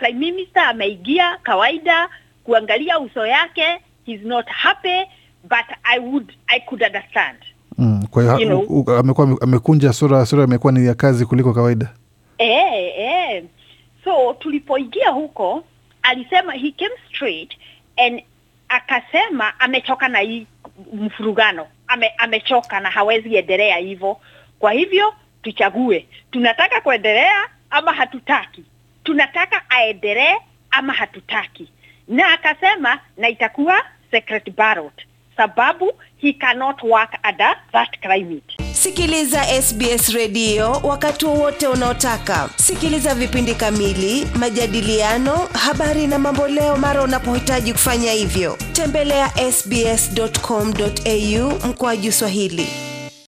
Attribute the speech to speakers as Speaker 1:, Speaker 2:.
Speaker 1: Prime Minister ameigia kawaida kuangalia uso yake, he's not happy but I would I could understand.
Speaker 2: Mm, kwa hiyo you know, amekuwa amekunja sura, sura imekuwa ni ya kazi kuliko kawaida.
Speaker 1: Eh, eh. So tulipoingia huko alisema he came straight and akasema amechoka na hii mfurugano, ame, amechoka na hawezi endelea hivyo. Kwa hivyo tuchague, tunataka kuendelea ama hatutaki tunataka aendelee ama hatutaki, na akasema na itakuwa secret ballot sababu he cannot work under that climate.
Speaker 3: Sikiliza SBS redio wakati wowote unaotaka. Sikiliza vipindi kamili, majadiliano, habari na mambo leo mara unapohitaji kufanya hivyo. Tembelea ya sbs.com.au mkoaju Swahili.